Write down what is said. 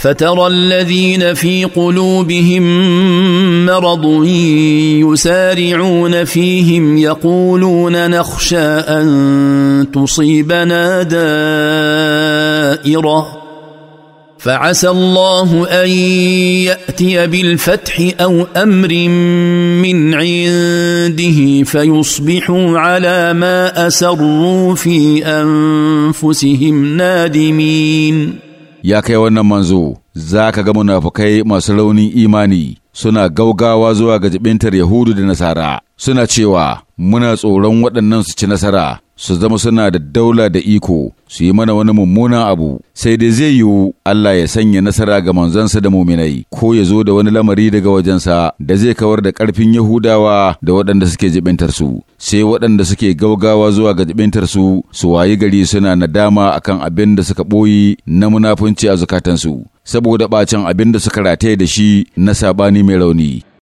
فترى الذين في قلوبهم مرض يسارعون فيهم يقولون نخشى ان تصيبنا دائره فعسى الله ان ياتي بالفتح او امر من عنده فيصبحوا على ما اسروا في انفسهم نادمين ya kai wannan manzo, za ka ga munafukai masu raunin imani suna gaugawa zuwa ga jibintar Yahudu da Nasara, suna cewa muna tsoron waɗannan su ci nasara, su zama suna da daula da iko, su yi mana wani mummunan abu, sai dai zai yiwu Allah ya sanya nasara ga manzansa da muminai, ko ya zo da wani lamari daga wajensa da zai kawar da ƙarfin Yahudawa da waɗanda suke jibintar su, sai waɗanda suke gaugawa zuwa ga jibintar su, su wayi gari suna nadama akan abin da suka ɓoyi na munafunci a zukatansu. saboda ɓacin abin da suka rataye da shi na sabani mai rauni.